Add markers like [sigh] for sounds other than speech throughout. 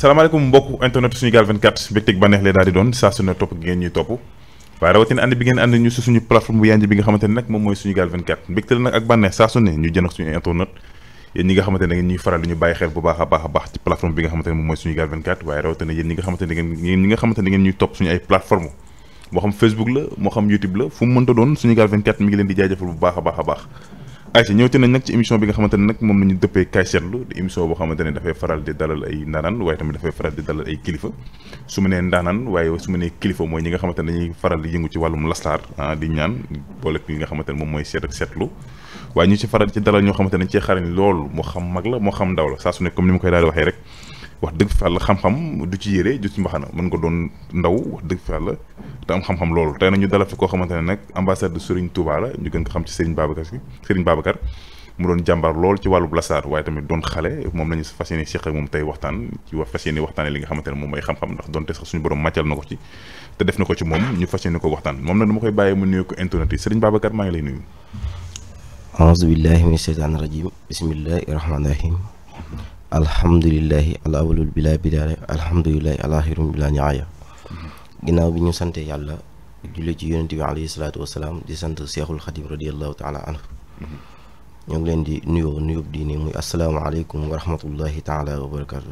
salaamaaleykum mbokk internet Sunugal 24 mbégteeg bànneex lee daal doon saa su ne topp gi ngeen ñuy topp waaye rawatina ànd bi ngeen ànd ñu suñu plateforme bu yanj bi nga xamante nag moom mooy suñu internet yéen ñi nga xamante ñu bàyyi xel bu baax a baax a baax ci plateforme bi nga xamante ne moom mooy Sunugal 24 waaye rawatina yéen nga xamante ne ngeen nga xamante ne ngeen topp suñu ay plateforme moo xam Facebook la moo a a baax ayca ñëwti nañ nag ci émission bi nga xamante ne nag moom la ñu dëppee kaay seetlu di émission boo xamante ne dafay faral di dalal ay ndaanaan waaye tamit dafay faral di dalal ay kilifa su ma nee ndaanaan waaye su ma nee kilifa mooy ñi nga xamante ne dañuy faral di yëngu ci wàllum lastar ah di ñaan boole ki nga xamante ne moom mooy seet ak seetlu waaye ñu ci faral ci dalal ñoo xamante ne cee xarañ lool moo xam mag la moo xam ndaw la saa su ne comme ni ma koy daal di waxee rek wax dëgg fa yàlla xam-xam du ci yére du ci mbaxana mën nga doon ndaw wax dëgg fa yàlla te am xam-xam loolu te nag ñu dalal fi koo xamante ne nag ambassade de Serigne Touba la ñu gën ko xam ci Serigne Babacar si Serigne mu doon jàmbaar lool ci wàllub lasaar waaye tamit doon xale moom la ñu fas ak moom tey waxtaan ci wax fas yéene waxtaane li nga xamante ne moom mooy xam-xam ndax donte sax suñu borom màccal na ko ci te def na ko ci moom ñu fas yéene ko waxtaan moom nag dama koy bàyyi mu nuyu ko internet yi Serigne Babacar maa ngi lay nuyu aouzu billahi min sheytaani rajim bismillahi rahmaani rahim alhamdulilahi al awalul bila bidaaya alhamdulilahi alaxirum bila niaya ginnaaw bi ñu santee yàlla julli ci yonente bi alayhi salaatu wasalaam di sant seexul xadim radiallahu taala anhu ñoo ngi leen di nuyoo nuyób diine muy asalaamaaleykum wa rahmatullahi taala wa barakatu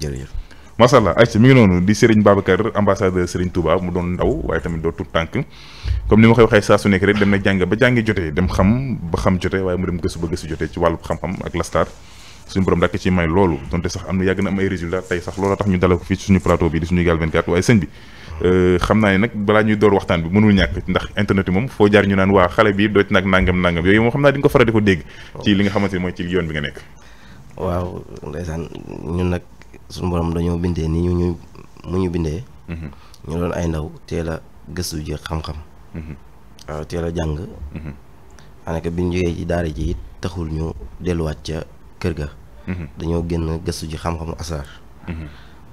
jërëjëf macha allah ayca mi ngi noonu di Serigne Babacar ambassadeur Serigne Touba mu doon ndaw waaye tamit doo tut tànk comme ni ma koy waxee saa su nekk rek dem na jàng ba jàngi jotee dem xam ba xam jotee waaye mu dem gëstu ba gëstu jotee ci wàllu xam ak lastaar suñu borom rekk ci may loolu donte sax am na yàgg na am ay résultats tey sax loola tax ñu dalal ko fii ci suñu plateau bi di suñu gaal 24 waaye sëñ bi euh, xam naa ne nag balaa ñuy door waxtaan bi mënul ñàkk ndax internet yi moom foo ñu naan waa xale bi doj nag nangam nangam yooyu moom xam ne mooy ci yoon bi nga nekk waaw ndeysaan ñun nag suñu borom dañoo bindee ni ñu ñu mu ñu bindee mhm. ñu doon ay ndaw teel a gëstu ji xam-xam mhm. waaw teel a jàng mhm. daanaka bi ñu jógee ci daara ji it taxul ñu delluwaat ca kër ga dañoo génn gëstu ji xam-xamu asraar mhm.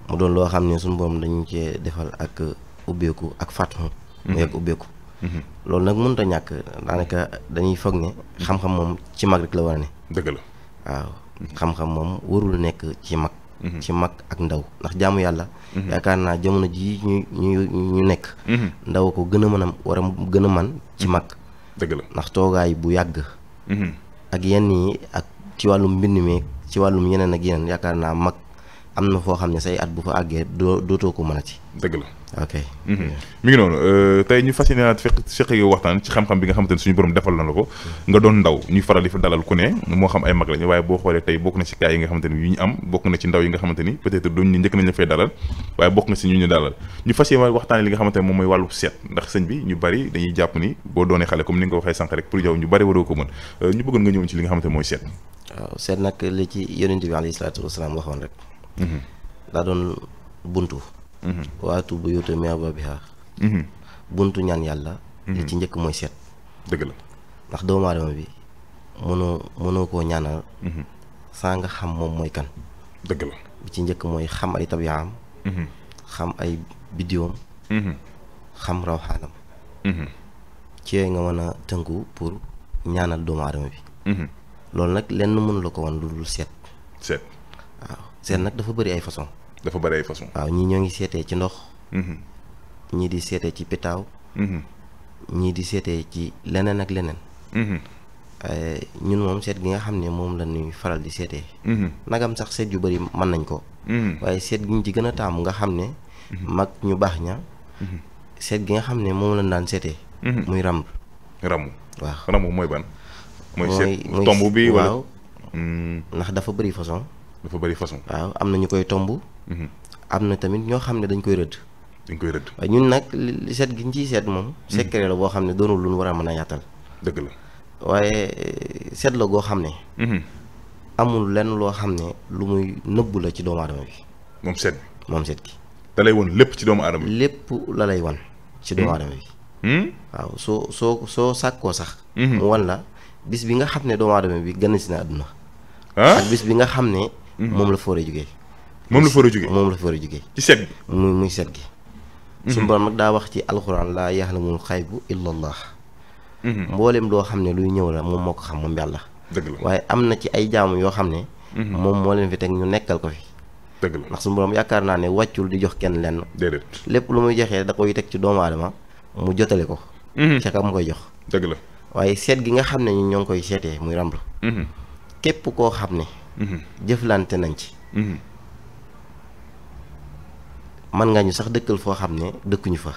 mu doon loo xam ne suñ borom dañu cee defal ak ubbeeku ak fàttu mhm. muy ak ubbeeku mhm. loolu nag mënta ñàkk daanaka dañuy foog ne xam-xam moom ci mag rek la war a ne dëgg waaw xam-xam moom warul nekk ci mag ci mag ak ndaw ndax jaamu yàlla yaakaar naa jamono ji ñu ñu nekk ndaw ko gën a mën a war a gën a man ci mag dëgg ndax toogaay bu yàgg ak yenn yi ak ci wàllum mbind mi ci wàllum yeneen ak yeneen yaakaar na mag am na foo xam ne say at bu fa àggee doo dootoo ko mën dëgg la ok. Mhm. mi ngi noonu euh, tey ñu fas yéene fekk fekk yow waxtaan ci xam-xam bi nga xamante suñu borom defal na la ko mm. nga doon ndaw ñu faral di fa dalal ku ne moo xam ay mag lañu bokk na ci ndaw yi nga xamante ni peut njëkk nañ la fay dalal waaye bokk na ci ñu ñu dalal ñu fas yéene waxtaanee li nga xamante moom mooy wàllu seet ndax sëñ bi ñu bari dañuy jàpp ni boo doonee xale daa mm-hmm. doon buntu. Mm-hmm. waatu bu yóote mi abaabiha mm-hmm. buntu ñaan yàlla. li ci njëkk mooy seet. dëgg la ndax doomu aadama bi mënoo mënoo koo ñaanal. mooy kan. dëgg la ci njëkk mooy xam ay nga mën a tënku pour ñaanal doomu aadama bi. loolu nag lenn mënu ko wan lu dul seet. seet. seet nag dafa bari ay façon dafa bëri ay façon waaw ñii ñoo ngi seetee ci ndox mm-hmm. ñii di seetee ci pitaaw mm-hmm. ñii di seetee ci leneen ak leneen mm-hmm. eh, ñun moom seet gi nga xam ne moom la ñuy faral di seetee nagam sax seet yu bari man nañ ko waaye seet gi ci gën a taamu nga xam ne mag ñu baax ña seet gi nga xam ne moom lañ daan seetee muy ramb ramb waaw ramb mooy ban mooy seet tomb bi waaw mm. ndax dafa bari façon dafa bëri façon. waaw am na ñu koy tomb. Mhm. am na tamit ñoo xam ne dañ koy rëdd. dañ koy rëdd waaye ñun nag seet gi ñu ciy seet moom. Mhm. secret la boo xam ne doonul lu ñu war a mën a yaatal. la waaye eh, seet la goo xam ne. Mhm. amul lenn loo xam ne lu muy nëbbu la ci doomu aadama bi. moom seet bi moom seet gi. da lay wan lépp ci doomu aadama bi. lépp la lay wan ci doomu aadama bi. Hmm? waaw soo soo soo sàkkoo sax. mu wan la bis bi nga xam ne doomu aadama bi gën si na àdduna. Ah? ak bis bi nga xam ne. moom la fooree jugee. moom la fooree a moom la fooree jugee. ci set gi muy muy set gi. Mhm. suñu borom nag daa wax ci alxuraan laa yaxlamul xaybu illallah. Mhm. mboolem doo xam ne luy ñëw la moom moo ko xam moom yàlla. la waaye am na ci ay jaamu yoo xam ne. Mhm. moom moo leen fi teg ñu nekkal ko fi. dëgg la ndax su borom yaakaar naa ne wàccul di jox kenn lenn. déedéet lépp lu muy joxee da koy teg ci doomu aadama mu jotale ko. ca ka mu koy jox. dëgg la waaye seet gi nga xam ne ñun ñoo koy seetee muy ramlu. képp koo xam ne jëflante nañ ci. man mm-hmm. nga ñu sax dëkkal foo xam ne dëkkuñu fa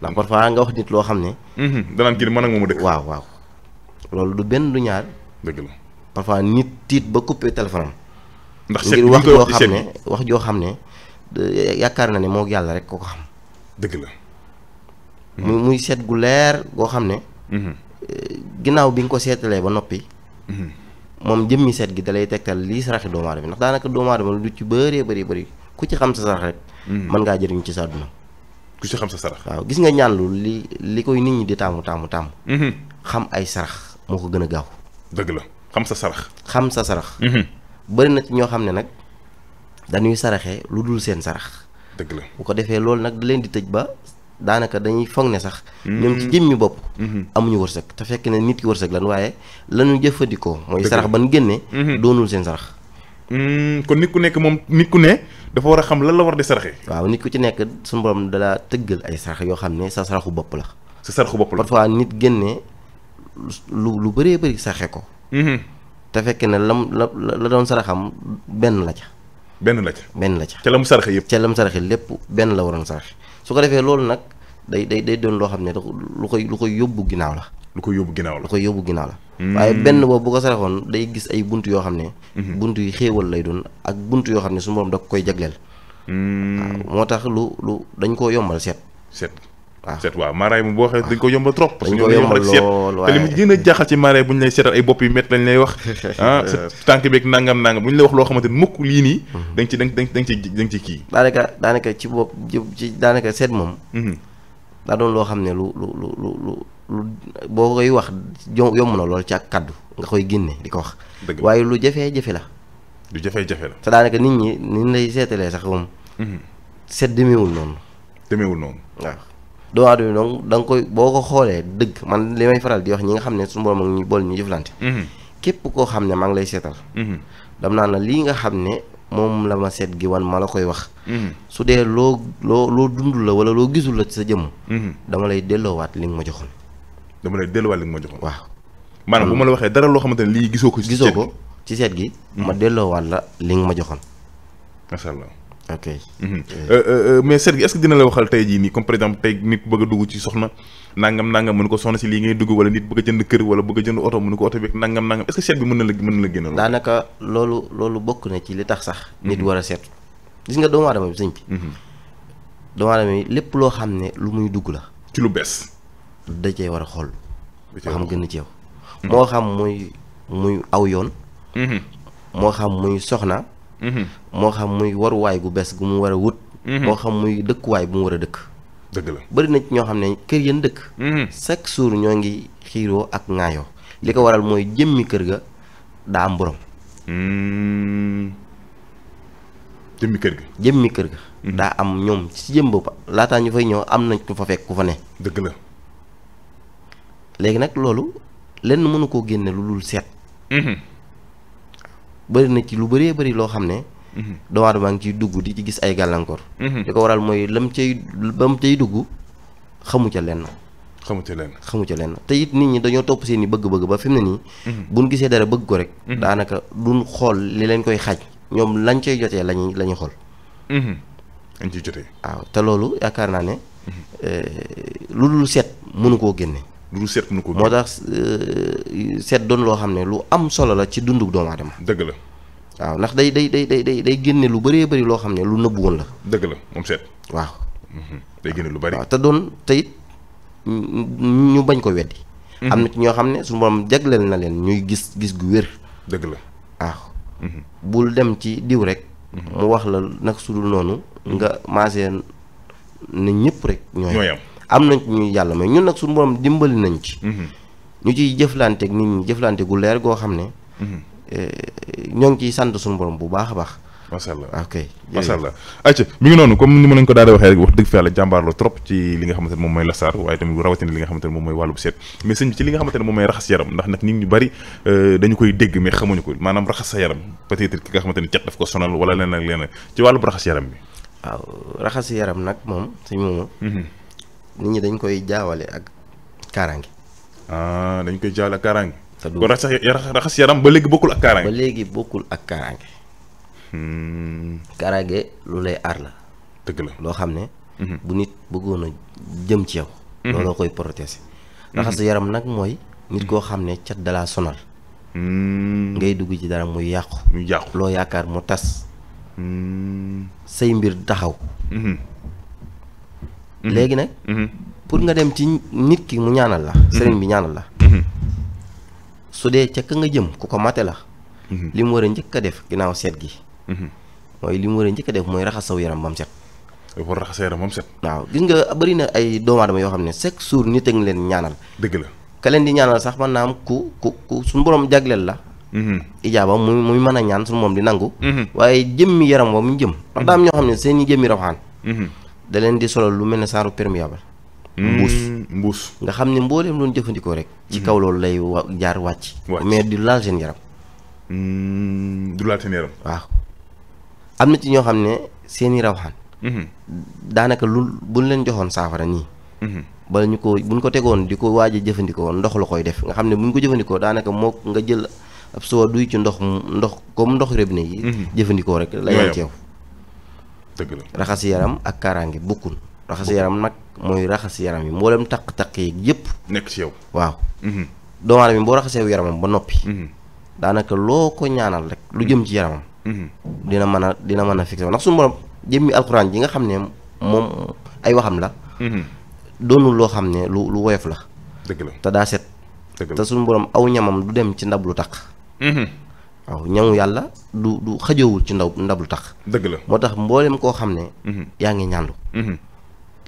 ndax parfois nga wax nit loo xam ne. Mm-hmm. danaan kii mën ak moom dëkk. waaw waaw loolu du benn du ñaar. dëgg la parfois nit tiit ba coupé téléphone ndax ngir wax joo xam ne yaakaar na ne moo yàlla rek ko ko xam. dëgg la. muy muy seet gu leer goo xam ne. Mm-hmm. Eh, ginnaaw bi nga ko seetalee ba noppi. moom jëmmi seet gi dalay tegtal lii saraxi doomu aadama ndax daanaka doomu aadama lu ci bëree bëri bëri ku ci xam sa sarax rek man hmm. ngaa jëriñ ci sa àdduna ku ci xam sa sarax waaw gis nga ñaan lu li li koy nit ñi di taamu taamu taamu hmm. xam ay sarax moo ko gën a gaaw dëgg la xam sa sarax xam sa sarax hmm. bëri na ci ñoo xam ne nag dañuy saraxee lu dul seen sarax dëgg la bu ko defee loolu nag da leen di tëj ba daanaka dañuy foog ne sax. Mm-hmm. ñoom ci jëmmi bopp. Mm-hmm. amuñu wërsëg te fekk ne nit ki wërsëg lan waaye lañu jëfandikoo. mooy sarax ban génne. Mm-hmm. doonul seen sarax. kon nit ku nekk moom nit ne dafa war a xam lan la war di saraxee. waaw nit ci nekk suñu borom dalaa tëggal ay sarax yoo xam ne sa saraxu bopp la. sa saraxu bopp la parfois nit génne lu lu bëree bëri saraxe ko. te fekk ne lam la la doon saraxam benn la ca. benn la ca benn la ca. ca la mu saraxe yëpp ca la mu saraxe lépp benn la waroon saraxe su ko defee loolu nag. day day day doon loo xam ne lu koy lu koy yóbbu ginnaaw la. lu koy yóbbu ginnaaw la lu koy yóbbu ginnaaw hmm. benn boobu bu ko saraxoon day gis ay bunt yoo xam ne. Hmm. bunt yu xéewal lay doon ak bunt yoo xam ne su moom da koy jagleel. Hmm. moo tax lu lu dañ koo yombal seet. seet waaw seet waaw maaraay moom boo xee dañ ko yombal trop. dañ ko yombal lool waaye mu gën a jaaxal ci maaraay bu ñu lay seetal ay bopp yu métti lañ lay wax. [laughs] ah tànk beeg nangam nangam bu ñu lay wax loo xamante ni mukk lii nii. dañ ci dañ dañ dañ ci dañ ci kii. daanaka daanaka ci bopp ci daanaka seet moom. daa doon loo xam ne lu lu lu lu lu lu boo koy wax yomb na lool ci ak kaddu nga koy génne di ko wax. waaye lu jafee jafe la. lu jafe-jafe la. te nit ñi ni lay seetalee sax moom. Mhm. seet demeewul noonu. demeewul noonu. waaw doomu aadama donc da nga koy boo ko xoolee dëgg man li may faral di wax ñi nga xam ne su borom ak ñu bool ñu jëflante. Mhm. képp koo xam ne maa ngi lay seetal. Mhm. dam naa na lii nga xam ne moom la ma seet gi wan ma la koy wax. Mm-hmm. su dee loo loo loo dund la wala loo gisul la ci sa jëmm. Mm-hmm. dama lay delloowaat li nga ma joxoon. dama lay delloowaat li nga ma joxoon. waaw. maanaam bu ma la waxee dara loo xamante ne lii gisoo ko. ci gisoo ko ci seet gi. ma mm-hmm. delloowaat la li nga ma joxoon. macha ok mhm. euh, euh, euh, mais Serigne est-ce que dina la waxal tey jii nii comme par exemple tey nit bëgg dugg ci soxna nangam nangam mën ko soxna si lii ngay dugg wala nit bëgg a jënd kër wala bëgg a jënd oto mën ko oto beeg nangam nangam est-ce seet bi mën na la mën la génnal daanaka loolu loolu bokk na ci li tax sax nit mhm. war a seet gis nga doomu aadama bi sëñ bi mhm. doomu aadama bi lépp loo xam ne lu muy dugg la ci lu bees da cee war a xool ba xam gën a ci yow moo xam muy muy aw Mm-hmm. moo xam muy waruwaay bu bees gu mu war a wut. Mm-hmm. moo xam muy dëkkuwaay bu mu war a dëkk. dëgg la bëri na ci ñoo xam ne kër yéen dëkk. Mm-hmm. chaque jour ñoo ngi xiiroo ak ŋaayoo li ko waral mooy jëmmi kër ga daa am borom. jëmmi kër daa am ñoom ci jëm bopp laataa ñu fay ñëw am nañ ku fa fekk ku fa ne. dëgg la. léegi nag loolu lenn mënu koo génne lu dul seet. bëri na ci lu bëree bëri loo xam ne. Mhm. doomu aadama ngi ciy dugg di ci gis ay gàllankoor. Mhm. li ko waral mooy lam cay ba mu cay dugg xamu ca lenn. xamu ca lenn xamu ca lenn te it nit ñi dañoo topp seen i bëgg-bëgg ba fi ne nii. Mhm. buñ gisee dara bëgg ko rek. daanaka duñ xool li leen koy xaj ñoom lañ cay jotee lañuy lañu xool. añ ciy jotee. waaw te loolu yaakaar naa ne. Eh, lu dul seet mënu koo génne. lu seet ko. moo tax euh, seet doon loo xam ne lu am solo la ci dundu doomu aadama. dëgg la. waaw ndax day day day day day génne lu bëree bëri loo xam ne lu nëbbu woon la. dëgg la moom seet. waaw. Mhm. lu bëri. waaw te doon te ñu bañ ko weddi. Mhm. am na ci ñoo xam ne su borom jagleel na leen ñuy gis gis gu wér. dëgg la waaw. Mhm. bul dem ci diw rek. mu wax la nag su dul noonu. nga maasee na ñëpp rek. ñooy am am nañ ñu yàlla may ñun nag suñu borom dimbali nañ ci. Mhm. ñu ciy jëflante ak nit ñi jëflante gu leer goo xam ne. Mhm. Eh, ñoo ngi ciy sant suñu borom bu baax a baax. macha allah ok macha allah ayca mi ngi waxee rek wax dëgg fa yàlla jàmbaar la trop ci li nga xamante ne moom mooy lasaar waaye tamit rawatina li nga xamante ne moom mooy wàllub seet mais sëñ bi ci li nga xamante ne moom mooy raxas yaram ndax nag nit ñu bari euh, dañu koy dégg mais xamuñu ko maanaam raxas sa yaram peut-être ki nga xamante ne cat daf ko sonal wala leneen ak leneen ci wàllub raxas yaram bi raxas yaram nag moom sëñ moom mhm. nit ñi dañ koy jaawale ak kaaraange. ah dañ koy jaawale ak kaaraange. te du kon raxas yaram ba léegi bokkul ak kaaraange. léegi bokkul ak kaaraange. Hmm. kaaraange lu lay aar la. dëgg la loo xam ne. Mhm. bu nit bëggoon a jëm ci yow. Mhm. looloo koy protéger. Mhm. raxas yaram nag mooy. nit koo xam ne cat dalaa sonal. Hmm. ngay dugg ci dara muy yàqu. muy yàqu loo yaakaar mu tas. Hmm. say mbir taxaw. Mhm. léegi nag. Mhm. pour nga dem ci nit ki mu ñaanal la. Mhm. sëriñ bi ñaanal la. su dee ca nga jëm ku ko mate la. li mu war a njëkk a def ginnaaw seet gi. mooy li mu war a njëkk a def mooy raxasaw yaram ba mu set. a raxas sa yaram ba mu waaw gis nga bari na ay doomu yoo xam ne chaque jour nit a leen ñaanal. dëgg la ka leen di ñaanal sax man naa am ku ku ku suñu borom jagleel la. ijaaba mu muy mën a ñaan suñu moom di nangu. waaye jëmmi yaram wa mu jëm. ndax daa am ñoo xam ne seen i jëmmi rawxaan da leen di solo lu mel ne saaru perméable mm, mbuus mbuus nga xam ne mbooleem loon jëfandikoo rek ci kaw mm-hmm. loolu lay jaar wàcc mais du laal seen yaram mm, du laal waaw am na ci ñoo xam ne seeni rawxaan mm-hmm. daanaka lu buñ leen joxoon saafara nii mm-hmm. bala ñu ko buñ ko tegoon di ko waaj jëfandikoo ndox la koy def nga xam ne bu buñ ko jëfandikoo daanaka moo nga jël ab soo duy ci ndox ndox comme ndox robinet yi jëfandikoo rek la yam dëgg la raxas yaram ak kaaraange bokkul raxas yaram nag mooy raxas yaram yi mboolem taq-taq yi yëpp. nekk ci yow waaw. Mhm. doomu aadama boo raxasee yaramam ba noppi. Mhm. daanaka loo ko ñaanal rek lu jëm ci yaramam. Mhm. dina mën a dina mën a fixé ndax suñu borom jëmmi alxuraan ji nga xam ne moom ay waxam la. doonul loo xam ne lu lu woyof la. dëgg la te daa set. te suñu borom aw ñamam du dem ci ndab lu taq. waaw ñamu yàlla du du xajoowul ci ndaw ndab lu tax. dëgg la moo tax mboolem koo xam ne. Mhm. yaa ngi ñaandu. Mhm.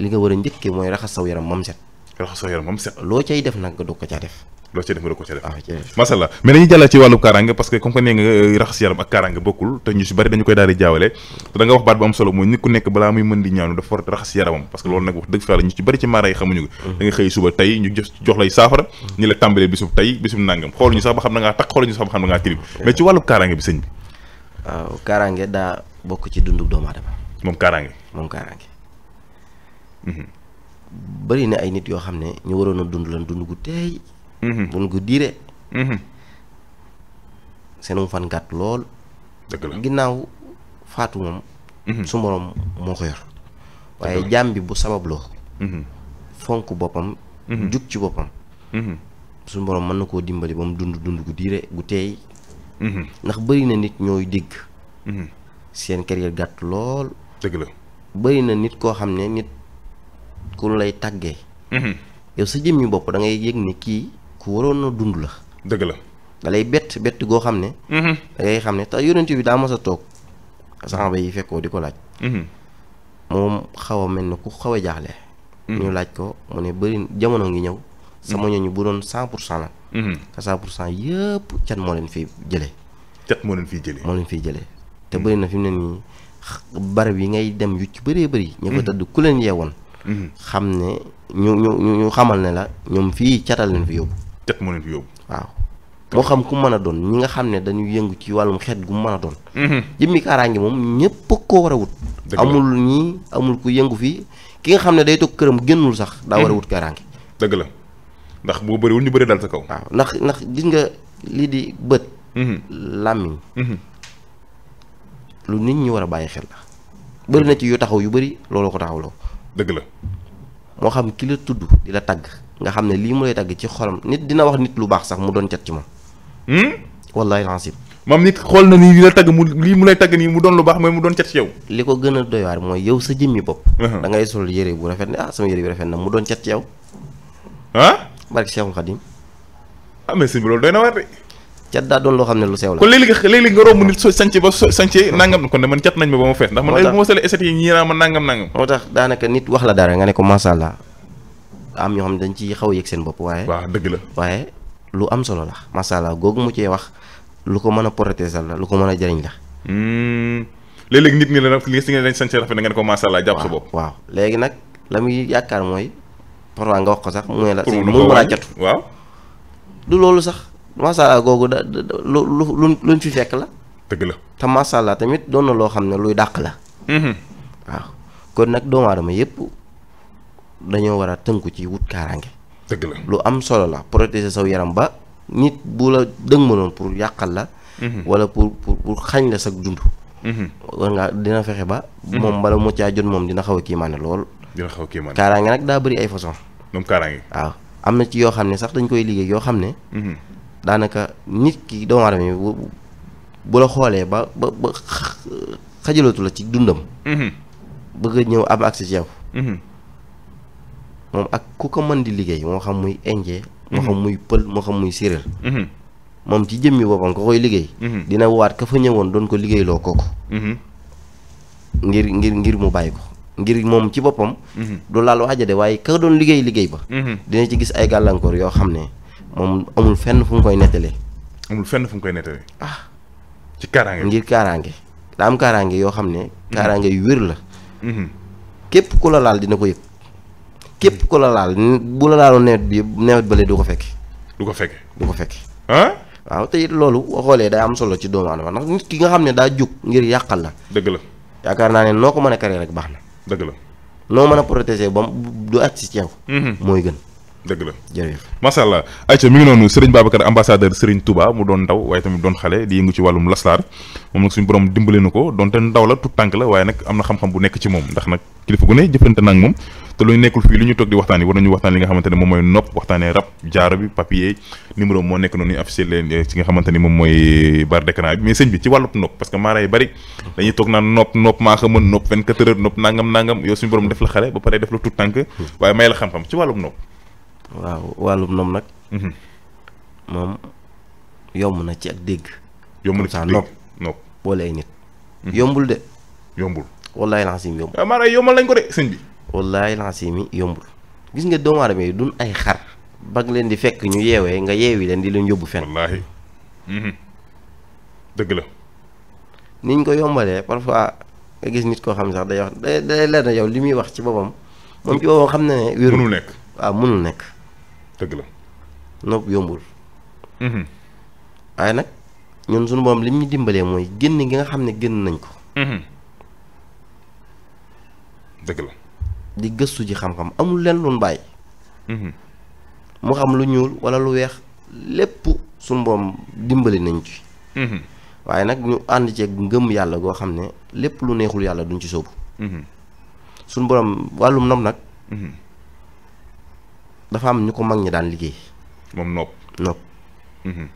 li nga war a njëkkee mooy raxas saw yaram moom set. raxas saw yaram moom set. loo cay def nag nga doog ko caa def. loo ci def nga doo ko ca def ah, macha allah mais dañuy jàllal ci wàllu kaaraange parce que comme que nee nga euh, raxas yaram ak kaaraange bokkul te ñu si bari dañu koy daal di jaawale te da wax baat bu am solo mooy nit ku nekk balaa muy mën di ñaanu dafa war a raxas yaramam parce que loolu nag wax dëgg fa la ñu ci bari ci maara xamuñu ko mm. da nga xëy suba tey ñu jox lay saafara ñu mm. la tàmbalee bisub tey bisub nàngam xool ñu sax ba xam na ngaa taq xool nit yoo xam ne ñu waroon a dund lan dund gu Mm-hmm. bul guddi de. seenum fan gàtt lool. dëgg ginnaaw faatu moom. Mm-hmm. su morom moo ko waaye jaam bi bu sababloo. Mm-hmm. fonk boppam. jug ci boppam. su borom mën na koo dimbali ba mu dund dund gu diire gu teey. ndax bëri na nit ñooy dégg. seen carrière gàtt lool. dëgg bëri na nit koo xam ne nit ku lay tàggee. yow sa jëmmi bopp da ngay yëg ni kii. ku waroon a dund la. dëgg la da lay bett bett goo xam ne. Mhm. da ngay xam ne te yonent bi daa mos a toog. saxaaba yi fekkoo di ko laaj. Mhm. moom xaw a mel ne ku xaw jaaxle. Mhm. ñu laaj ko mu ne bëri jamono ngi ñëw. sama ñooñu bu doon cent pour cent la. te cent pour cent yëpp cat moo leen fi jëlee. cat moo leen fiy jëlee. moo leen fiy jëlee te bëri na fi mu ne nii barab yi ngay dem yu ci bëree bëri. ñu ko ku leen yeewoon. xam ne ñu ñu ñu xamal ne la ñoom fii catal leen fi yóbbu. tet moo leen fi yóbbu. moo xam ku mën a doon ñi nga xam ne dañu yëngu ci wàllum xeet gu mën a doon. Mm-hmm. jëmmi kaaraange moom ñëpp ko war a wut. amul ñii amul ku yëngu fii ki nga xam ne day toog këram génnul sax. daa war a mm-hmm. wut kaaraange. dëgg la ndax boo bëriwul ñu bëri dal sa kaw. waaw ndax ndax gis nga lii di bët. Mm-hmm. làmmiñ. lu nit ñi war a bàyyi xel la. bëri na ci yu taxaw yu bëri looloo ko taxawloo. dëgg la moo xam ki la tudd di la tagg nga xam ne lii mu lay tagg ci xolam nit dina wax nit lu baax sax mu doon cat ci moom. Hmm? wallahi lancim maam nit xool na ni li la tagg mu lii mu lay tagg nii mu doon lu baax mooy mu doon cat ci yaw li ko gën a doy waar mooy yow sa jëmmi bopp uh-huh. da ngay yére bu rafet ne ah sama yére bi rafet na mu doon cat ci yow ah barke Cheikhul Khadim ah mais sëñ bi loolu doy na waar de cat daa doon loo xam ne lu sew la kon léeg-léeg léeg-léeg nga romb nit soo wax la dara nga ne ko masha am ñoo dañ ci xaw a seen bopp waaye waaw dëgg la waaye lu am solo la masha Allah googu mu cee wax lu ko mën a protéger la lu ko mën a jëriñ la hmm. léeg nit ñi la nag li si nga dañ sànci nga ne ko masha Allah jàpp sa bopp waaw léegi nag la muy yaakaar mooy parfois nga wax ko sax mu ne la mun ma laa catu waaw du loolu sax masala googu da lu lu luñ fi fekk la. dëgg la te masala tamit doon na loo xam ne luy dàq la. Mm-hmm. waaw kon nag doomu aadama yëpp dañoo war a tënku ci wut kaaraange. dëgg la lu am solo la protéger saw yaram ba nit bu la dëgmaloon pour yàqal la. Mm-hmm. wala pour pour pour xañ la sag dund. Mm-hmm. war ngaa dina fexe ba. moom bala mu caa moom dina xaw a kiimaane lool. xaw a kiimaane kaaraange nag daa bari ay façon. moom kaaraange. waaw am na ci yoo xam ne sax dañ koy liggéey yoo xam ne. daanaka nit ki doomu aadama yi bu bu la xoolee ba ba xajalootu la ci dundam. Mm-hmm. bëgg ñëw ab accès ci yow. Mm-hmm. moom ak ku ko mën di liggéey moo xam muy indien. moo mm-hmm. xam muy pël moo xam muy séeréer. moom ci jëmmi boppam ko koy liggéey. dina waat ka fa ñëwoon doon ko liggéeyloo kooku. ngir ngir ngir mu bàyyi ko ngir moom ci boppam. du laal waaja de waaye ka doon liggéey liggéey ba. dina ci gis ay gàllankoor yoo xam ne. moom amul fenn fu mu koy nettalee. amul fenn fu mu koy nettalee. ah ci kaaraange. ngir kaaraange daa am kaaraange yoo xam ne. Mhm. kaaraange yu wér la. Mhm. képp ku la laal dina ko yëg. képp ku la laal bu la laaloon nawet bi nawet bële du ko fekk. du ko fekk du ko fekk. waaw te it loolu boo xoolee day am solo ci doomu aadama ndax nit ki nga xam ne daa jóg ngir yàqal la. dëgg la yaakaar naa ne noo ko mën a karee rek baax na. dëgg la noo mën a protéger ba du àcc ci dëgg la jërëjëf macha allah ayca mi ngi noonu Serigne ambassadeur Serigne Touba mu doon ndaw waaye tamit doon xale di yëngu ci wàllum laslaar moom nag suñu borom dimbale na ko donte ndaw la tout tànk la waaye nag am na xam-xam nekk ci moom ndax nag kilifa gu ne jëflante na ak moom te lu ñu nekkul fii ni moom mooy bar d'écran bi mais sëñ bi ci wàllub nopp parce que maara yi bari dañuy toog naan nopp nopp waaw wàllum noom nag. Mhm. moom yomb na ci ak dégg. yomb na ci ak dégg nopp boole ay nit. Mhm. yombul de. yombul wallaahi lancim yombul. Ah, yombal nañ ko de yombul. gis nga doomu aadama yi duñ ay xar. bag leen di fekk ñu yeewee nga yeewi leen di leen yóbbu fenn. wallaahi mhm. dëgg la. niñ ko yombalee parfois nga gis nit koo xam sax day wax day day leer na li muy wax ci boppam. moom ci boppam xam na ne. wérul mënul nekk waaw mënul nekk. dëgg la nopp yombul. Mhm. waaye nag ñun suñu boom lim ñu dimbalee mooy génn gi nga xam ne génn nañ ko. Mhm. dëgg la. di gëstu ci xam-xam amul leen lu bàyyi. Mhm. mu xam lu ñuul wala lu weex lépp suñu boom dimbali nañ ci. waaye nag ñu ànd ceeg ngëm yàlla goo xam ne lépp lu neexul yàlla duñ ci sóobu. suñu borom wàllum nopp nag. dafa am ñu ko mag ñi daan liggéey. moom nopp nopp. Mhm.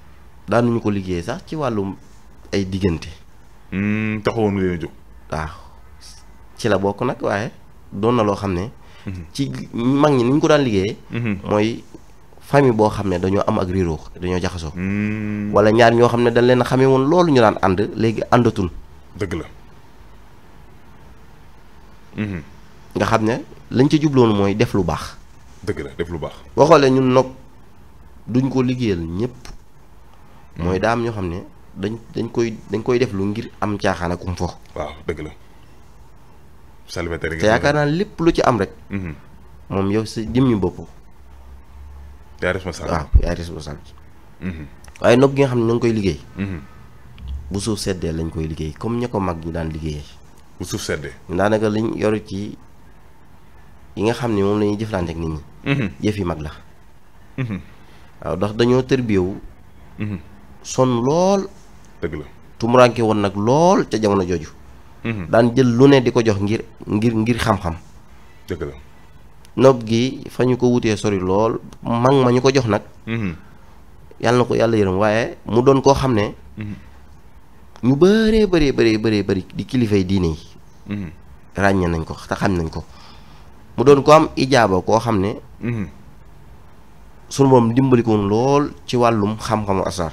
daanuñu ko liggéey sax ci wàllu ay diggante. Hmm, taxawoon nga leen jóg. waaw ci la bokk nag waaye doon na loo xam ne. Mhm. ci mag ñi ni ñu ko daan liggéeyee. Mhm. mooy fami boo xam ne dañoo am ak réeroo dañoo jaxasoo. Hmm. wala ñaar ñoo xam ne dañ leen xamee woon loolu ñu daan ànd léegi àndatul. dëgg la. nga xam ne lañ ca jubloon mooy def lu baax. dëgg na def lu baax. boo xoolee ñun nag duñ ko liggéeyal ñëpp. mooy daa am ñoo xam ne dañ dañ koy dañ koy def lu ngir am caaxaan kum um fo. waaw dëgg la. salibataire te yaakaar naa lépp lu ci am rek. Mm-hmm. moom yow sa jëm ñu bopp. yaa responsable waaw yaa responsable. Mm-hmm. waaye nopp gi nga xam ne ñu koy liggéey. Mm-hmm. bu suuf seddee lañ koy liggéey comme ña ko mag ñu daan liggéeyee. bu suuf seddee. daanaka liñ yor ci yi nga xam ne moom lañuy ñuy jëflante ak nit ñi. Mhm. yëf yi mag la mhm. waaw ndax dañoo tërbiyewu mhm. sonn lool dëgg tumuraanke woon nag lool ca jamono jooju daan jël lu ne di ko jox ngir ngir ngir xam-xam nopp gi fa ñu ko wutee sori lool mag ma ñu ko jox nag yàlla na ko yàlla yërëm waaye mu doon koo xam ne ñu bëree bëree bëree bëree bëri di kilifay diine yi ràññee nañ ko te xam nañ ko mu doon ko am ijaaba koo xam ne. Mhm. sunu moom dimbali ko lool ci wàllum xam-xamu asar.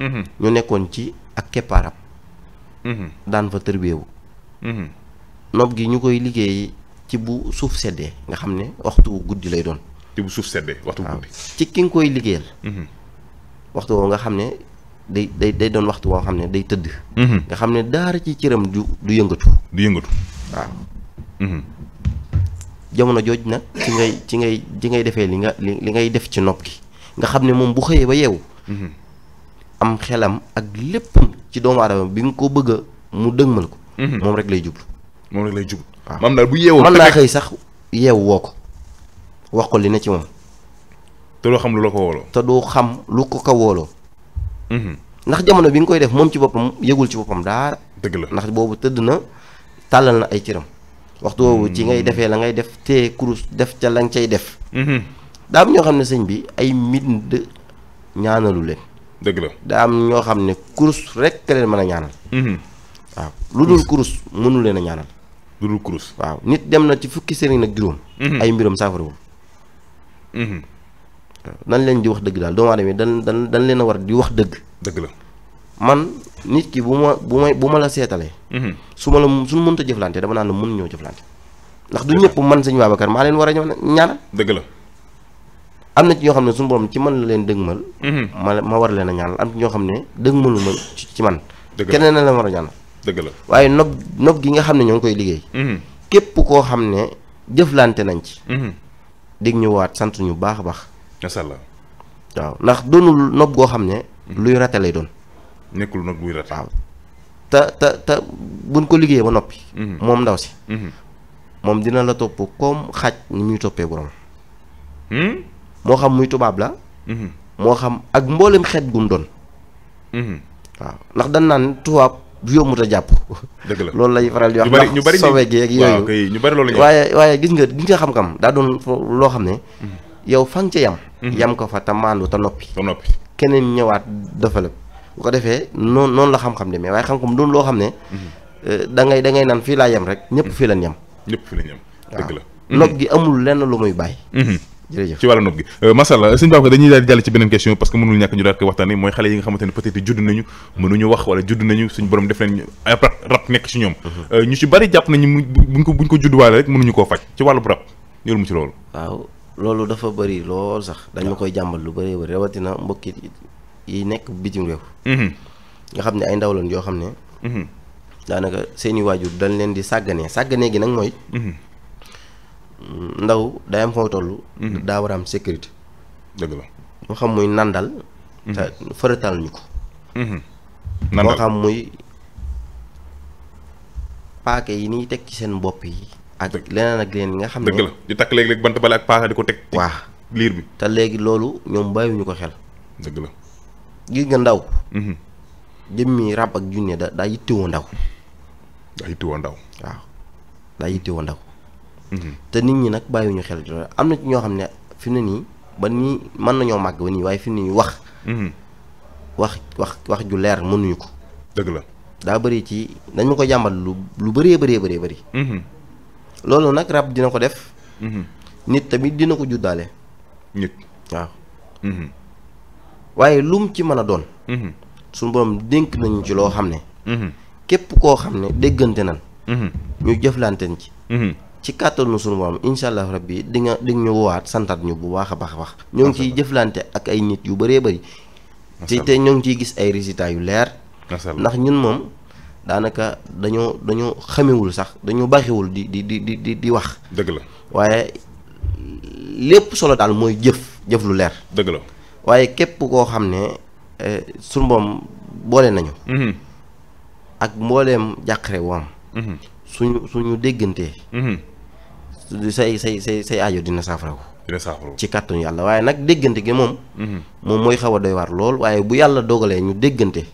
Mhm. ñu nekkoon ci ak keppaaram. Mhm. daan fa tërbeewu. nopp gi ñu koy liggéey ci bu suuf seddee nga xam ne waxtu guddi lay doon. ci bu suuf seddee waxtu guddi. ci ki nga koy liggéeyal. waxtu woo nga xam ne day day day doon waxtu woo xam ne day tëdd. nga xam ne daara ci cëram du du yëngatu. du yëngatu waaw. jamono jooj nag ci ngay ci ngay defee li nga li ngay def ci nopp gi nga xam ne moom bu xëyee ba yeewu mhm. am xelam ak lépp ci doomu aadama bi nga ko bëgg a mu dëgmal ko mhm. lay jublu moom rek lay jublu bu yeewoo mën naa xëy sax yeewu woo ko wax ko li ne ci moom te doo xam lu la ko wooloo te doo xam lu ko ko wooloo mhm. ndax jamono bi nga koy def moom ci boppam yëgul ci boppam daara dëgg la ndax boobu tëdd na tàllal na ay cëram waxtu woowu ci ngay hmm. defee la ngay def te kurus def ca la nga cay def. Hmm. daa ñoo xam ne sëñ bi ay mbind ñaanalu leen. dëgg la daam ñoo xam ne kurus rek leen mën a ñaanal. Hmm. waaw lu dul kurus mënu leen a ñaanal. lu dul kurus. waaw nit dem na ci fukki sëriñ nag juróom. ay mbiram saafarawul. nan leen di wax dëgg daal doomu aadama yi dan dan dan leen a war di wax dëgg. dëgg la. man nit ki bu ma bu may bu ma la seetalee. Mhm. su ma la suñ mënta jëflante dama naan la mën ñoo jëflante. ndax du ñëpp man sëñ Babacar maa leen war a ñaanal. dëgg la. am na ci ñoo xam ne suñu borom ci man la leen dëgmal. Mhm. ma ma war leen a ñaanal ñoo xam ne dëgmalu ma ci man. dëgg la keneen la war a ñaanal. dëgg la waaye nob nob gi nga xam ne ñoo ngi koy liggéey. Mhm. képp koo xam ne jëflante nañ ci. dig ñu waat sant ñu baax a baax. macha waaw ndax doonul nob goo xam ne. luy rate lay doon. nekkul nag luy retard. te te te buñ ko liggéeyee ba noppi. Mhm. moom ndaw si. Mhm. moom dina la topp comme xaj ni muy toppee borom. Hmm? moo xam muy tubaab la. Mhm. moo xam ak mboolem xeet gum doon. waaw ndax dañ naan tubaab yomb a jàpp. dëgg la [laughs] loolu lay faral di waaye waaye gis nga gis nga xam-xam daa doon loo xam ne. yow fa ca yam. yam ko fa te maandu te noppi. keneen ñëwaat développé. bu ko defee noonu noonu la xam-xam demee waaye xam-xam doon loo xam ne. Mhm. Euh, da ngay da naan fii laa yem rek. ñëpp mhm. fii lañ yem. ñëpp fii lañ yem. dëgg la mhm. nopp gi amul lenn lu muy bàyyi. jërëjëf ci wàllu nopp gi euh, masalla sëñ Babacar ñu daal ko waxtaanee mooy xale yi nga xamante ne peut-être judd nañu mënuñu wala judd nañu suñu borom def leen ay rab nekk ci ñoom euh, ñu ci bari jàpp nañu buñ ko buñ ko judduwaale rek mënuñu koo faj ci wàllu rab yoru mu ci loolu waaw loolu dafa bëri lool sax dañ ma koy jàmbal lu bëree bëri rawatina mbokki yi nekk bitim réew. Mm-hmm. nga xam ne ay ndaw lañ yoo xam ne. Mm-hmm. daanaka seeni waajur dañ leen di sàgganee sàggane gi nag mooy. Mm-hmm. ndaw day am foo toll. daa war am sécurité. dëgg la moo xam muy nandal. te fërëtal ko. nandal moo xam muy paake yi niy teg ci seen bopp yi. ak leneen ak leneen nga xam ne. dëgg di takk léeg-léeg bant bala ak paaka di ko teg. waa liir bi te léegi loolu ñoom bàyyiwuñu ko xel. gis nga ndaw. Mhm. jëmmi rab ak junne da daa yittewoo ndaw. daa yittewoo ndaw. waaw daa yittewoo ndaw. Mhm. te nit ñi nag bàyyiwuñu xel am na ci ñoo xam ne fi mu ne nii ba nii mën nañoo màgg ba nii waaye fi mu ne nii wax. Mhm. wax wax wax ju leer mënuñu ko. dëgg la daa bëri ci dañ ko jàmbat lu lu bëree bëree bëree bëri. loolu nag rab dina ko def. nit tamit dina ko juddaale. nit waaw. waaye lum ci mën a doon. Mhm. suñu borom dénk nañu ci loo xam ne. Mhm. képp koo xam ne déggante nan mhm. ñu jëflanteen ci. ci kàttanu suñu borom incha allah rabbi di nga di ñu woowaat santaat ñu bu baax a baax a baax. ñoo ngi ciy jëflante ak ay nit yu bëree bëri. te te ñoo ngi ciy gis ay résultats yu leer. ndax ñun moom daanaka dañoo dañoo xamewul sax dañoo baaxewul di di di di di wax. dëgg la waaye lépp solo daal mooy jëf jëf lu leer. dëgg la. waaye képp koo xam ne eh, suñu boom boole nañu. Mm-hmm. ak mbooleem jàqare wu am. Mm-hmm. suñu suñu déggantee. Mm-hmm. say say say say aajo dina saafarawu. dina saafarawu ci kàttanu yàlla waaye nag déggante gi moom. moom mooy xaw a doy waar lool waaye bu yàlla dogalee ñu déggante.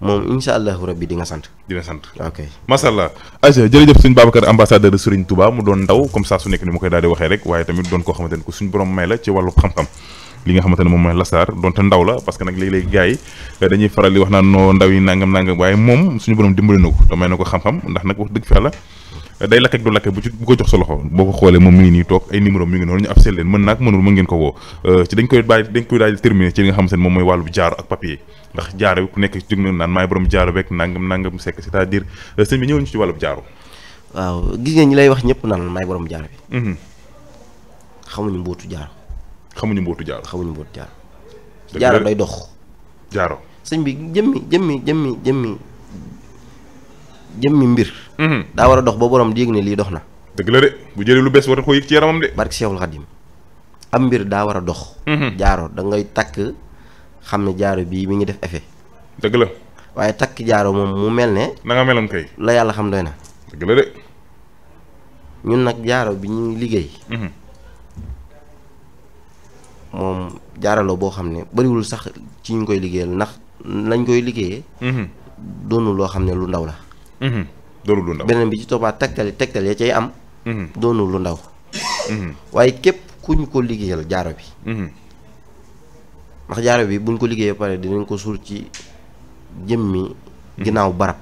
moom incha allahu rabbi di nga sant. di nga sant ok macha allah. ayca jërëjëf suñ Babacar ambassadeur de Serigne Touba mu doon ndaw comme ça su nekk ni ma koy daal di waxee rek waaye tamit doon koo xamante ko suñ borom may la ci wàllu li nga xamante ne moom euh, may na jaaro ak papier ndax jaaro bi ku nekk ci jóg euh, naan maay borom jaaro bi mm-hmm. xamuñu mbootu jaaro xamuñu mbootu jaaro xamuñu mbootu jaaro jaaro day dox jaaro sëñ bi jëmmi jëmmi jëmmi jëmmi jëmmi mbir mhm. daa war a dox ba borom di yëg ne lii dox na dëgg la de bu jëlee lu bees war ko yëg ci yaramam de barki Seexul Xadim am mbir daa war a dox mhm. jaaro da ngay takk xam ne jaaro bii mi ngi def effet dëgg la waaye takk jaaro moom mu mel ne na nga meloon kay la yàlla xam doy na dëgg la de ñun nag jaaro bi ñuy liggéey mhm. moom jaaraloo boo xam ne bariwul sax ci ñu koy liggéeyal ndax lañ koy liggéeyee. Mhm. doonul loo xam ne lu ndaw la. Mhm. doonul lu ndaw beneen bi ci toppaat tegtal tegtal ya cay am. Mhm. doonul lu ndaw. waaye képp ku ñu ko liggéeyal jaaro bi. ndax jaaro bi buñ ko liggéeyee pare dinañ ko suul ci jëmmi. ginnaaw barab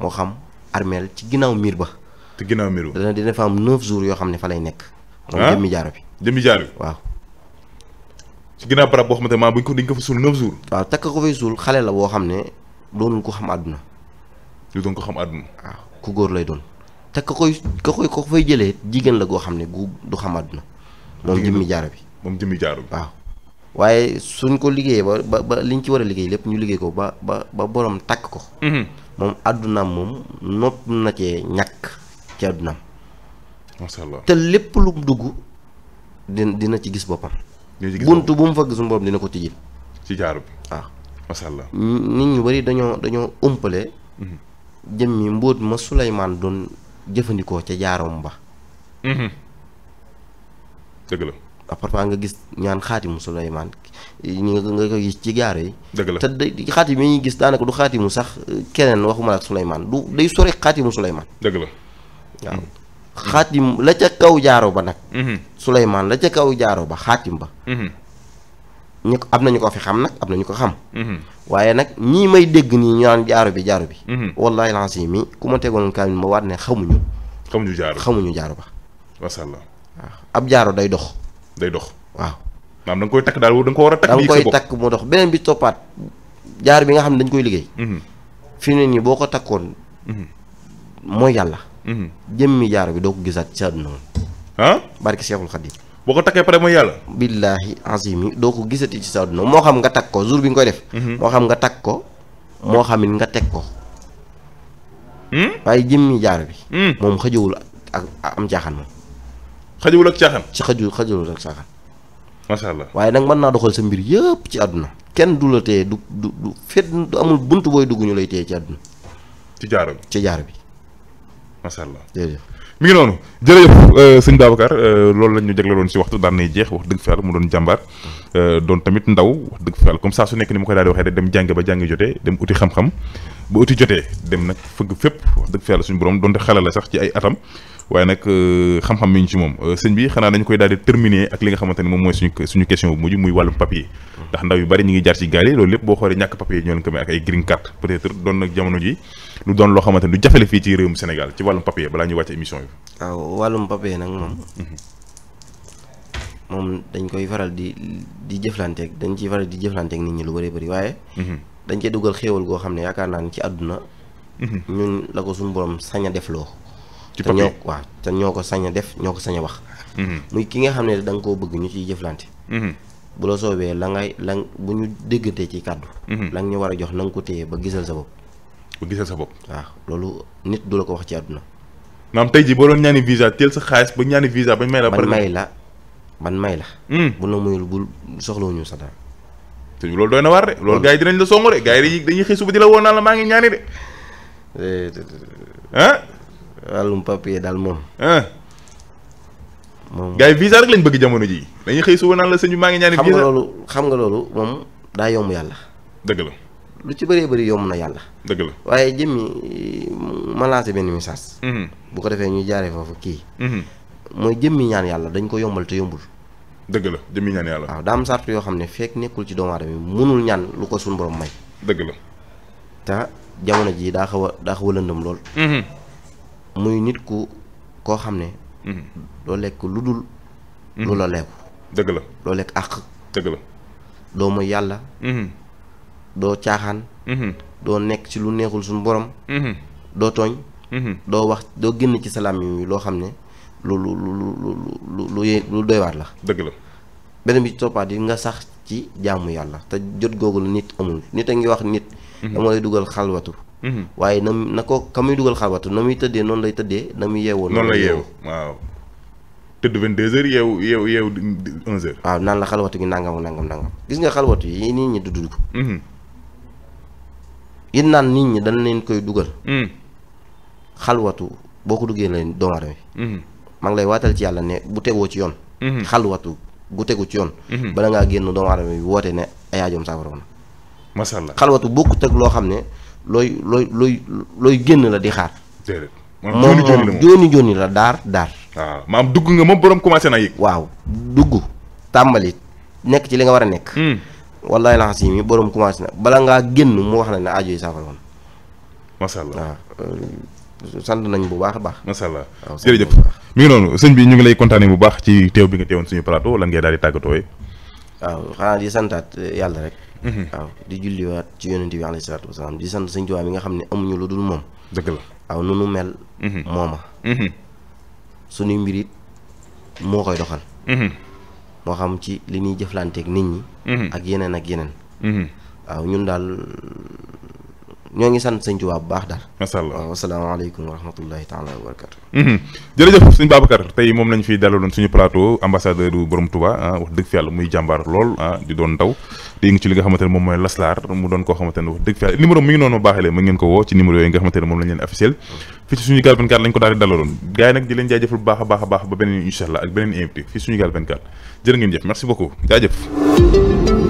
moo xam armeel ci ginnaaw miir ba. te ginnaaw miir ba dina dina fa am neuf jours yoo xam ne fa lay nekk. moom ah? jëmmi jëmmi jaaro bi waaw. ci ginnaaw barab boo xamante maa buñ ko dañ ko fa suul neuf jours. waaw takk ko fay suul xale la boo xam ne doonul ko xam àdduna. du doon ko xam àdduna. waaw ku góor lay doon. te ko koy ka koy ko fay jëlee jigéen la goo xam ne gu du xam àdduna. moom jëmmi jaaro bi moom jëmmi jaaro bi waaw. waaye suñ ko liggéeyee ba ba ba liñ ci war a liggéey lépp ñu liggéey ko ba ba ba borom takk ko. Mm-hmm. moom àddunaam moom nopp na cee ñàkk ci àddunaam. macha allah te lépp lu mu dugg dina dina ci gis boppam. bunt bu mu fëgg suñu borom dina ko tijjil. ci jaaro bi waaw. Ah. macha allah nit ñu bari dañoo dañoo umpale. yi mhm. mbóot ma Souleymane doon jëfandikoo ca jaaroom ba. Mhm. dëgg la. à part nga gis ñaan xaatimu Souleymane ñi nga ko gis ci gaar yi. dëgg la te xaatim yi ñuy gis daanaka du xaatimu sax keneen waxuma la ak Souleymane du day sori xaatimu Souleymane. dëgg la waaw. Mhm. xaatim la ca kaw jaaro ba nag. Mhm. Souleymane la ca kaw jaaro ba xaatim ba. Mhm. ñu ko am na ñu ko fi xam nag am na ñu ko xam. Mhm. waaye nag ñii may dégg nii ñu naan jaaro bi bi. wallaahi lancim mi ku ma tegoon kaamil ma waat ne xamuñu. xamuñu jaaro xamuñu jaaro ba. macha allah ab jaaro day dox. waaw. maanaam da nga koy takk daal da nga ko a da nga koy takk mu dox beneen bi toppaat jaaro bi nga xam ne dañ koy liggéey. fi mu ne nii boo ko takkoon. mooy yàlla. Mhm. jëmmi jaaro bi doo ko gisaat ci àdduna moom. ah barki Seexul Xadiim. boo ko takkee pare mooy yàlla. billaahi azimi doo ko gisati ci sa àdduna moo xam nga takk ko jour bi nga koy def. Mhm. moo xam nga takk ko moo xam nga teg ko. Hmm? waaye jëmmi jaaro bi. Hmm. moom xëjowul ak am caaxaan moom. xëjowul ak caaxaan. ci xëju xëjowul ak caaxaan. macha allah waaye nag mën naa doxal sa mbir yëpp ci àdduna kenn du la téye du du du fet du amul bunt booy dugg ñu lay téye ci àdduna. bi. macha allah jërëjëf mi ngi noonu jërëjëf euh, sëñ Babacar euh, loolu la ñu jagleeloon si waxtu daan nay jeex wax dëgg fa yàlla mu doon jàmbaar euh, doon tamit ndaw wax dëgg fa comme saa su nekk ni ma koy daal di waxee de dem ba jàngi jotee dem uti xam-xam jotee dem nag fëgg fépp wax suñu borom donte xale la sax ci ay atam waaye nag xam-xam mi ñu ci moom sëñ bi xanaa dañu koy daal di terminer ak li nga xamante ne moom mooy suñu suñu question bu mujj muy wàllum papier ndax ndaw yu bari ñu ngi jaar ci gaal loolu lépp boo xoolee ñàkk papier ñoo lu doon loo xamante lu jafale fii ci réewum Sénégal ci wàllum papier balaa ñuy wàcce émission yi. waaw wàllum papier nag moom. Mm-hmm. moom dañ koy faral di di jëflanteeg dañ ci faral di jëflanteeg nit ñi lu bare bëri waaye. Mm-hmm. dañ cee dugal xéewal goo xam ne yaakaar ci àdduna. Mm-hmm. ñun la ko suñu borom sañ def loo. ci papier te waaw te ñoo ko sañ a def ñoo ko sañ wax. mu ki nga xam ne da ko bëgg ñu ci jëflante. bu la soobee la ngay la bu ñu déggantee ci kàddu. la nga war a jox na ko téye ba gisal sa bopp. ba gisal sa bopp. waaw loolu nit du la ko wax ci àdduna. maam tey jii boo doon ñaani visa teel sa xaalis ba ñaani visa ba may la. man may la man may la. Hmm. bu na muyul bu soxlawuñu sa dara. te loolu doy na waar de. loolu gars yi dinañ la songu de gars yi dañuy xëy suba di la woo naan la maa ngi ñaani de. ah. wàllum papier daal moom. moom gars yi visa rek lañ bëgg jamono ji dañuy xëy suba naan la sëñ maa ngi ñaani. visa xam nga loolu xam nga loolu moom daa yomb yàlla. dëgg la. lu ci baree bëri yomb na yàlla. dëgg la waaye jëmmi ma benn benn message. Mhm. bu ko defee ñu jaaree foofu kii. Mhm. mooy jëmmi ñaan yàlla dañ ko yombal te yombul. dëgg la jëmmi ñaan yàlla. waaw daa am sart yoo xam ne fekk nekkul ci doomu aadama mënul ñaan lu ko suñu borom may. dëgg la. te jamono jii daa xaw a daa lool. Mhm. muy nit ku koo xam ne. doo lekk lu dul. lu la lekk. dëgg la doo lekk àq. dëgg yàlla. doo caaxaan. Mhm. doo nekk ci lu neexul suñ borom. Mhm. doo tooñ. Mhm. doo wax doo génn ci salaam yi loo xam ne lu lu lu lu lu lu la. dëgg la beneen bi ci toppaat yi nga sax ci jàmm yàlla te jot googu la nit amul nit a ngi wax nit. dama lay dugal xalwatu. waaye na na ko ka muy dugal xalwatu na muy tëddee noonu lay tëddee na muy yeewoo. noonu lay yeewoo waaw. tëdd 22h yeewu yeewu yeewu 1h. waaw naan la xalwatu gi nangam nangam nangam gis nga xalwatu yi nit ñi yéen naan nit ñi dañ leen koy dugal. Hmm. xalwatu boo ko duggee leen doomu aadama yi. maa ngi lay waatal ci yàlla ne bu tegoo ci yoon. Hmm. xalwatu gu tegu ci yoon. Hmm. bala ngaa génn doomu aadama yi woote ne ay aajoom saafara woon. macha allah xalwatu loo xam ne looy looy looy looy génn la di xaar. déedéet moom jooni jooni la daar daar. waaw maam dugg nga moom borom commencé naa yëg. waaw dugg tàmbali nekk ci li nga war a nekk. wallaay laxas yi borom commencé na bala ngaa génn mu wax na ne aajo yi saafara woon. macha allah euh, sant nañ bu baax a baax. macha allah jërëjëf mi ngi noonu sëñ bi ñu ngi lay kontaanee bu baax ci teew bi nga teewoon suñu plateau lan ngay daal di tàggatoo waaw xanaa di santaat euh, yàlla rek. Mhm. waaw di julliwaat ci yonent bi alayhi salaatu wasalaam di sant sëñ Tuubaa mi nga xam ne amuñu lu dul moom. dëgg la waaw nu nu mel. Mhm. mooma. Mhm. suñuy mbir moo koy doxal. moo xam ci li ñuy jëflanteeg nit ñi. Mhm. ak yeneen ak yeneen. Mhm. waaw ñun daal ñoo ngi sant sëñ Tuubaa baax daal. macha allah waaw asalaamaaleykum wa rahmatullahi taala wa barakatu. Mhm. jërëjëf moom lañ fiy dalaloon suñu plateau ambassadeur bu borom Touba ah, muy jàmbaar lool ah, doon ndaw di yëngu ci li moom mooy laslaar mu doon koo xamante ne wax dëgg fi yàlla numéro mi ngi noonu baaxeele ngeen a ba beneen jëf merci beaucoup jaajëf